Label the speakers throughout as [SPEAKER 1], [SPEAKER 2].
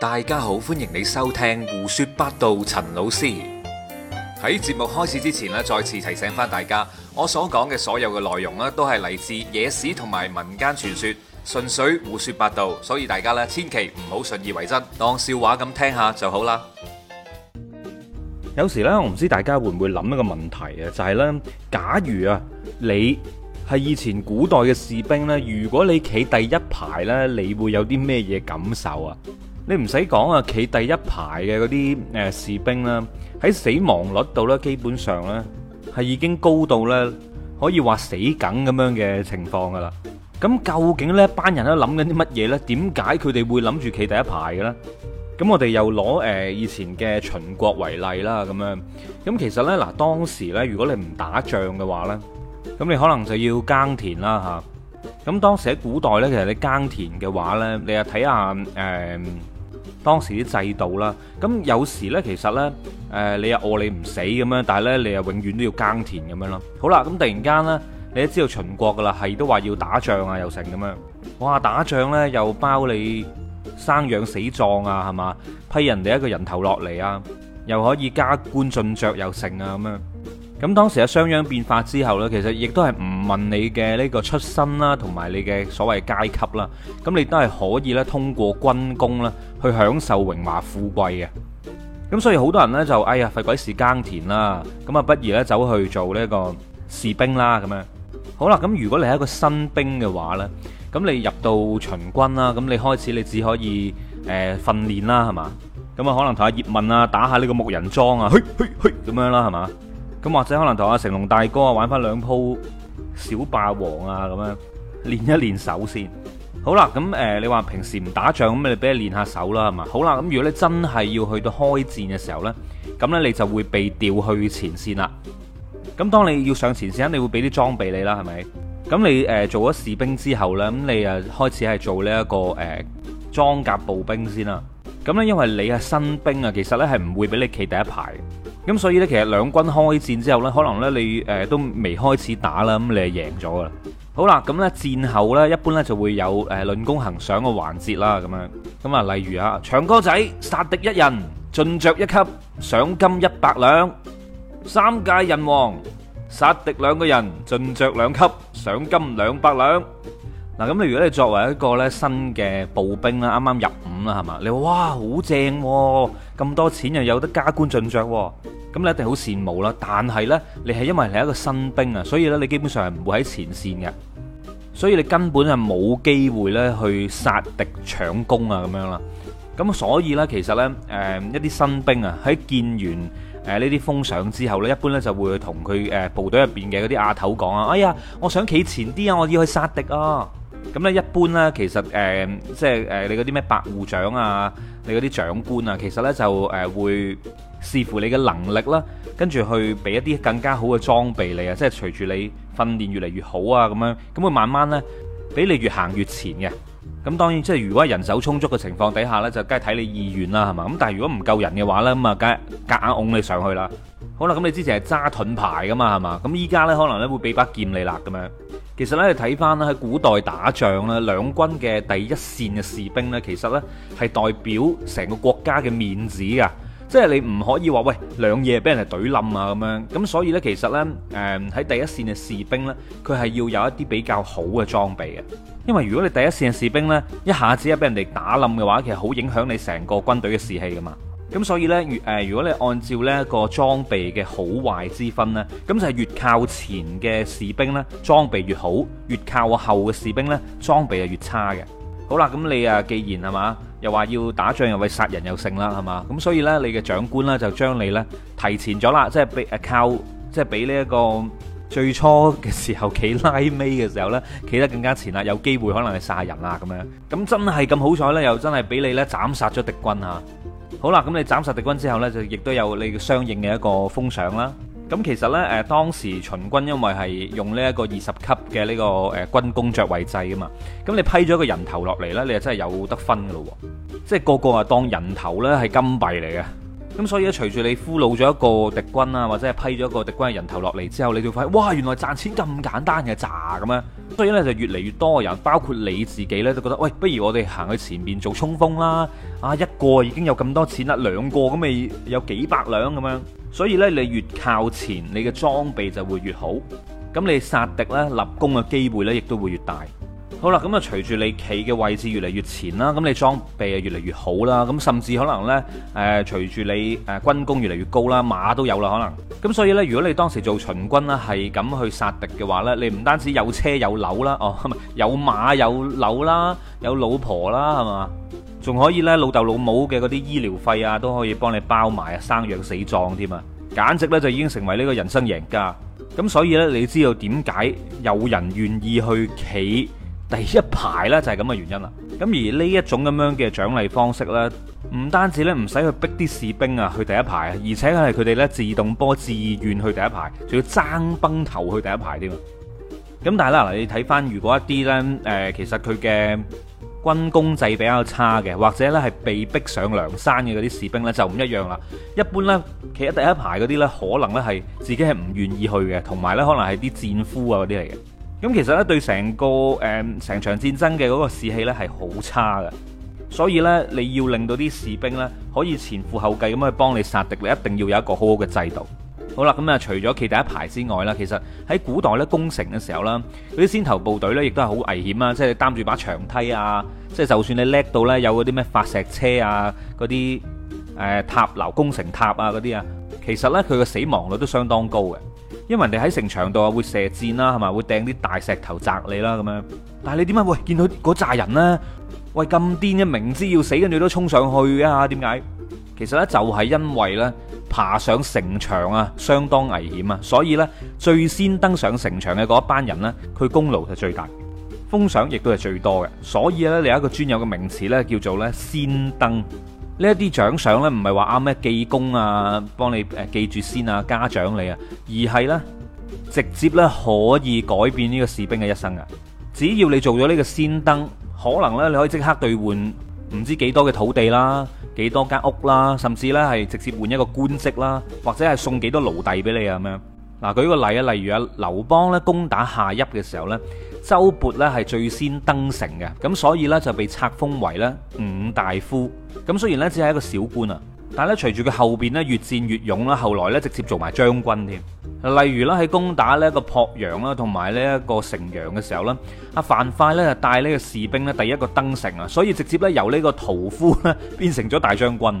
[SPEAKER 1] 大家好，歡迎你收聽胡說八道。陳老師喺節目開始之前呢，再次提醒返大家，我所講嘅所有嘅內容呢，都係嚟自野史同埋民間傳說，純粹胡說八道，所以大家呢千祈唔好信以為真，當笑話咁聽下就好啦。有時呢，我唔知大家會唔會諗一個問題啊？就係呢：假如啊，你係以前古代嘅士兵呢，如果你企第一排呢，你會有啲咩嘢感受啊？你唔使講啊，企第一排嘅嗰啲誒士兵啦，喺死亡率度咧，基本上咧係已經高到咧可以話死梗咁樣嘅情況噶啦。咁究竟呢班人都諗緊啲乜嘢咧？點解佢哋會諗住企第一排嘅咧？咁我哋又攞誒以前嘅秦國為例啦，咁樣咁其實咧嗱，當時咧如果你唔打仗嘅話咧，咁你可能就要耕田啦嚇。咁當時喺古代咧，其實你耕田嘅話咧，你啊睇下誒。當時啲制度啦，咁有時呢，其實呢，誒、呃、你又餓你唔死咁樣，但係呢，你又永遠都要耕田咁樣啦。好啦，咁突然間呢，你都知道秦國㗎喇，係都話要打仗啊又成咁樣，哇打仗呢，又包你生養死葬啊係嘛？批人哋一個人頭落嚟啊，又可以加官進爵又成啊咁樣。咁當時喺商鞅變法之後咧，其實亦都係唔問你嘅呢個出身啦，同埋你嘅所謂階級啦，咁你都係可以咧通過軍功啦，去享受榮華富貴嘅。咁所以好多人咧就哎呀廢鬼事耕田啦，咁啊不如咧走去做呢個士兵啦咁樣。好啦，咁如果你係一個新兵嘅話咧，咁你入到秦軍啦，咁你開始你只可以誒訓練啦，係嘛？咁啊可能睇下葉問啊打下呢個木人樁啊，嘿嘿嘿咁樣啦，係嘛？咁或者可能同阿成龍大哥玩翻兩鋪小霸王啊，咁樣練一練手先。好啦，咁誒，你話平時唔打仗咁，你俾佢練下手啦，係嘛？好啦，咁如果你真係要去到開戰嘅時候呢，咁呢你就會被調去前線啦。咁當你要上前線，肯定會俾啲裝備你啦，係咪？咁你誒做咗士兵之後呢，咁你誒開始係做呢一個誒裝甲步兵先啦。咁呢，因為你係新兵啊，其實呢係唔會俾你企第一排。咁所以呢，其實兩軍開戰之後呢，可能呢你誒都未開始打啦，咁你係贏咗噶啦。好啦，咁呢戰後呢一般呢就會有誒論功行賞嘅環節啦，咁樣咁啊，例如啊，長哥仔殺敵一人，進爵一級，賞金一百兩；三界人王殺敵兩個人，進爵兩級，賞金兩百兩。嗱，咁如果你作為一個呢新嘅步兵啦，啱啱入伍啦，係嘛？你話哇，好正喎，咁多錢又有得加官進爵喎！咁咧一定好羨慕啦，但係呢，你係因為你係一個新兵啊，所以咧，你基本上係唔會喺前線嘅，所以你根本係冇機會咧去殺敵搶攻啊咁樣啦。咁所以呢，其實呢，誒、呃、一啲新兵啊，喺見完誒呢啲封賞之後呢，一般呢就會去同佢誒部隊入邊嘅嗰啲阿頭講啊，哎呀，我想企前啲啊，我要去殺敵啊！咁咧一般咧，其實誒、呃，即係誒、呃、你嗰啲咩百夫長啊，你嗰啲長官啊，其實咧就誒會視乎你嘅能力啦，跟住去俾一啲更加好嘅裝備你啊，即係隨住你訓練越嚟越好啊，咁樣咁會慢慢咧俾你越行越前嘅。咁當然即係如果人手充足嘅情況底下咧，就梗係睇你意願啦，係嘛？咁但係如果唔夠人嘅話咧，咁啊梗係夾硬㧬你上去啦。好啦，咁你之前係揸盾牌噶嘛，係嘛？咁依家咧可能咧會俾把劍你啦，咁樣。其實咧你睇翻咧喺古代打仗咧，兩軍嘅第一線嘅士兵咧，其實咧係代表成個國家嘅面子噶，即係你唔可以話喂，兩嘢俾人哋懟冧啊咁樣。咁所以咧，其實咧，誒、呃、喺第一線嘅士兵咧，佢係要有一啲比較好嘅裝備嘅，因為如果你第一線嘅士兵咧一下子啊俾人哋打冧嘅話，其實好影響你成個軍隊嘅士氣噶嘛。咁所以呢，越誒，如果你按照呢個裝備嘅好壞之分呢，咁就係越靠前嘅士兵呢，裝備越好，越靠後嘅士兵呢，裝備係越差嘅。好啦，咁你啊，既然係嘛，又話要打仗，又會殺人又勝啦係嘛，咁所以呢，你嘅長官呢，就將你呢提前咗啦，即係俾誒靠，即係俾呢一個最初嘅時候企拉尾嘅時候呢，企得更加前啦，有機會可能係殺人啦咁樣。咁真係咁好彩呢，又真係俾你呢斬殺咗敵軍嚇、啊。好啦，咁你斬殺敵軍之後呢，就亦都有你相應嘅一個封賞啦。咁其實呢，誒當時秦軍因為係用呢一個二十級嘅呢個誒軍功爵位制啊嘛，咁你批咗一個人頭落嚟，呢，你就真係有得分噶咯，即係個個啊當人頭呢，係金幣嚟嘅。咁所以咧，隨住你俘虜咗一個敵軍啊，或者係批咗一個敵軍嘅人頭落嚟之後，你就會發現，哇！原來賺錢咁簡單嘅，咋咁樣。所以咧就越嚟越多嘅人，包括你自己咧，都覺得，喂，不如我哋行去前面做衝鋒啦！啊，一個已經有咁多錢啦，兩個咁咪有幾百兩咁樣。所以咧，你越靠前，你嘅裝備就會越好，咁你殺敵咧、立功嘅機會咧，亦都會越大。好啦，咁啊，隨住你企嘅位置越嚟越前啦，咁你裝備啊越嚟越好啦，咁甚至可能呢，誒、呃，隨住你誒、呃、軍功越嚟越高啦，馬都有啦，可能咁，所以呢，如果你當時做秦軍啦，係咁去殺敵嘅話呢，你唔單止有車有樓啦，哦，唔係，有馬有樓啦，有老婆啦，係嘛，仲可以呢，老豆老母嘅嗰啲醫療費啊，都可以幫你包埋生養死葬添啊，簡直呢，就已經成為呢個人生贏家。咁所以呢，你知道點解有人願意去企？第一排咧就係咁嘅原因啦，咁而呢一種咁樣嘅獎勵方式呢，唔單止呢，唔使去逼啲士兵啊去第一排，而且係佢哋呢自動波自願去第一排，仲要爭崩頭去第一排添。咁但係啦嗱，你睇翻如果一啲呢，誒、呃，其實佢嘅軍功制比較差嘅，或者呢係被逼上梁山嘅嗰啲士兵呢，就唔一樣啦。一般呢，其實第一排嗰啲呢，可能呢係自己係唔願意去嘅，同埋呢可能係啲戰俘啊嗰啲嚟嘅。咁其實咧，對成個誒成場戰爭嘅嗰個士氣咧係好差㗎，所以咧你要令到啲士兵咧可以前赴後繼咁去幫你殺敵咧，一定要有一個好好嘅制度。好啦，咁、嗯、啊除咗企第一排之外啦，其實喺古代咧攻城嘅時候啦，嗰啲先頭部隊咧亦都係好危險啊！即係你擔住把長梯啊，即係就算你叻到咧有嗰啲咩發石車啊、嗰啲誒塔樓攻城塔啊嗰啲啊，其實咧佢嘅死亡率都相當高嘅。因為人哋喺城牆度啊，會射箭啦，係咪？會掟啲大石頭砸你啦，咁樣。但係你點解喂見到嗰扎人呢？喂咁癲嘅，明知要死嘅你都衝上去啊？點解？其實呢，就係因為呢，爬上城牆啊，相當危險啊，所以呢，最先登上城牆嘅嗰一班人呢，佢功勞係最大，封賞亦都係最多嘅。所以呢，你有一個專有嘅名詞呢，叫做呢「先登」。呢一啲獎賞呢，唔係話啱咩記功啊，幫你誒、呃、記住先啊，嘉獎你啊，而係呢，直接呢，可以改變呢個士兵嘅一生啊。只要你做咗呢個先登，可能呢，你可以即刻兌換唔知幾多嘅土地啦、幾多間屋啦，甚至呢，係直接換一個官職啦，或者係送幾多奴隸俾你啊咁樣。嗱，舉個例啊，例如阿劉邦咧攻打下邑嘅時候咧，周勃咧係最先登城嘅，咁所以咧就被冊封為咧五大夫。咁雖然咧只係一個小官啊，但係咧隨住佢後邊咧越戰越勇啦，後來咧直接做埋將軍添。例如啦，喺攻打呢一個濮陽啦，同埋呢一個城陽嘅時候啦，阿樊噲咧帶呢個士兵咧第一個登城啊，所以直接咧由呢個屠夫咧變成咗大將軍。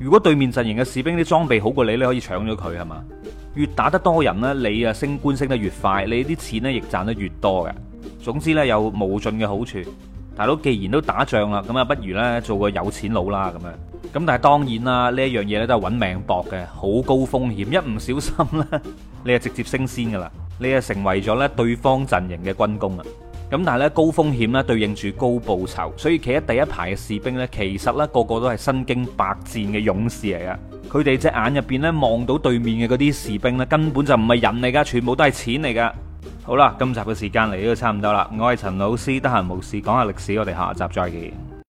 [SPEAKER 1] 如果對面陣營嘅士兵啲裝備好過你，你可以搶咗佢係嘛？越打得多人呢，你啊升官升得越快，你啲錢呢，亦賺得越多嘅。總之呢，有無盡嘅好處，大佬既然都打仗啦，咁啊不如呢做個有錢佬啦咁樣。咁但係當然啦，呢一樣嘢呢都係揾命搏嘅，好高風險，一唔小心呢， 你啊直接升仙噶啦，你啊成為咗呢對方陣營嘅軍功啊！咁但係咧高風險咧對應住高報酬，所以企喺第一排嘅士兵咧，其實咧個個都係身經百戰嘅勇士嚟噶。佢哋隻眼入邊咧望到對面嘅嗰啲士兵咧，根本就唔係人嚟噶，全部都係錢嚟噶。好啦，今集嘅時間嚟到差唔多啦，我係陳老師，得閒冇事講下歷史，我哋下集再見。